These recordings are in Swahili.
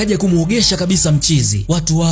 kaja kumwogesha kabisa mchizi watu wa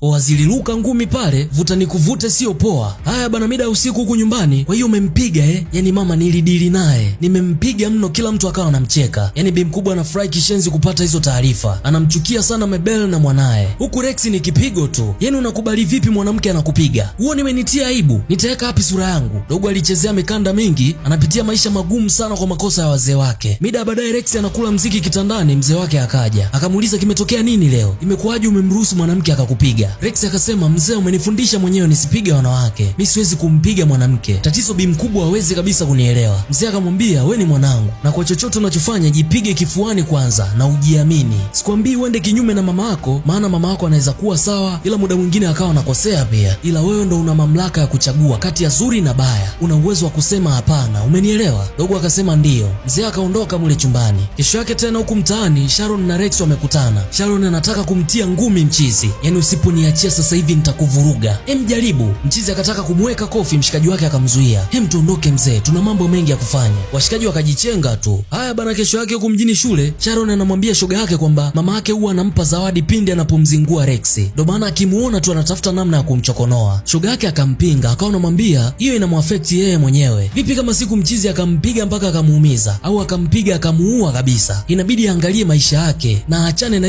sasa luka ngumi pale, vuta ni kuvute sio poa. Haya bana, mida usiku huku nyumbani, kwa hiyo umempiga eh? Yani mama nilidili naye, nimempiga mno, kila mtu akawa anamcheka. Yani bi mkubwa anafurahi kishenzi kupata hizo taarifa, anamchukia sana mebel na mwanaye, huku Rex ni kipigo tu. Yani unakubali vipi mwanamke anakupiga huo? Nimenitia aibu, nitaweka wapi sura yangu? Dogo alichezea mikanda mingi, anapitia maisha magumu sana kwa makosa ya wazee wake. Mida baadaye, Rex anakula mziki kitandani, mzee wake akaja akamuuliza, kimetokea nini leo? Imekuwaje umemruhusu mwanamke akakupiga? kumpiga. Rex akasema, mzee, umenifundisha mwenyewe nisipige wanawake, mi siwezi kumpiga mwanamke, tatizo bi mkubwa hawezi kabisa kunielewa. Mzee akamwambia, we ni mwanangu, na kwa chochote unachofanya jipige kifuani kwanza na ujiamini. Sikwambii uende kinyume na mama yako, maana mama yako anaweza kuwa sawa, ila muda mwingine akawa anakosea pia, ila wewe ndo una mamlaka ya kuchagua kati ya zuri na baya, una uwezo wa kusema hapana. Umenielewa? Dogo akasema ndiyo. Mzee akaondoka mule chumbani. Kesho yake tena huku mtaani, Sharon na Rex wamekutana. Sharon anataka kumtia ngumi mchizi, yani usipo niachia sasa hivi nitakuvuruga. Hem, jaribu. Mchizi akataka kumweka kofi, mshikaji wake akamzuia. Hem, tuondoke mzee, tuna mambo mengi ya kufanya. Washikaji wakajichenga tu. Haya bana, kesho yake huko mjini shule, Sharon anamwambia shoga yake kwamba mama yake huwa anampa zawadi pindi anapomzingua Rex. Ndio maana akimuona tu anatafuta namna ya kumchokonoa. Shoga yake akampinga, akawa anamwambia hiyo inamwafect yeye mwenyewe. Vipi kama siku mchizi akampiga mpaka akamuumiza au akampiga akamuua kabisa? Inabidi aangalie maisha yake na achane na